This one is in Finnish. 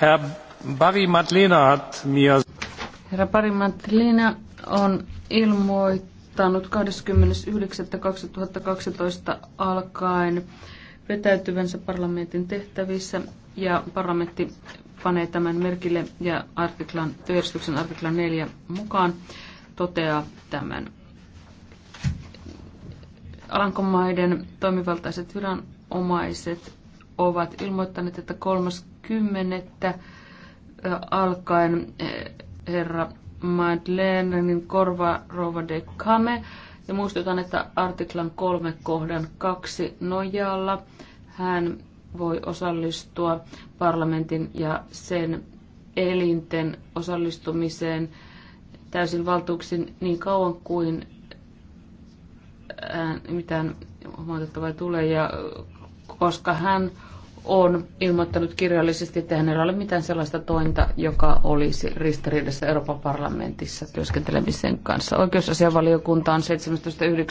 Herr hat mir... Herra Bari on ilmoittanut 29.9.2012 alkaen vetäytyvänsä parlamentin tehtävissä ja parlamentti panee tämän merkille ja artiklan, työjärjestyksen artiklan 4 mukaan toteaa tämän. Alankomaiden toimivaltaiset viranomaiset ovat ilmoittaneet, että 30. alkaen e, herra Madeleinin korva Rova de Kame. Ja muistutan, että artiklan 3 kohdan 2 nojalla hän voi osallistua parlamentin ja sen elinten osallistumiseen täysin valtuuksin niin kauan kuin mitään huomautettavaa tulee ja koska hän on ilmoittanut kirjallisesti, että hänellä ei ole mitään sellaista tointa, joka olisi ristiriidassa Euroopan parlamentissa työskentelemisen kanssa. Oikeusasianvaliokunta on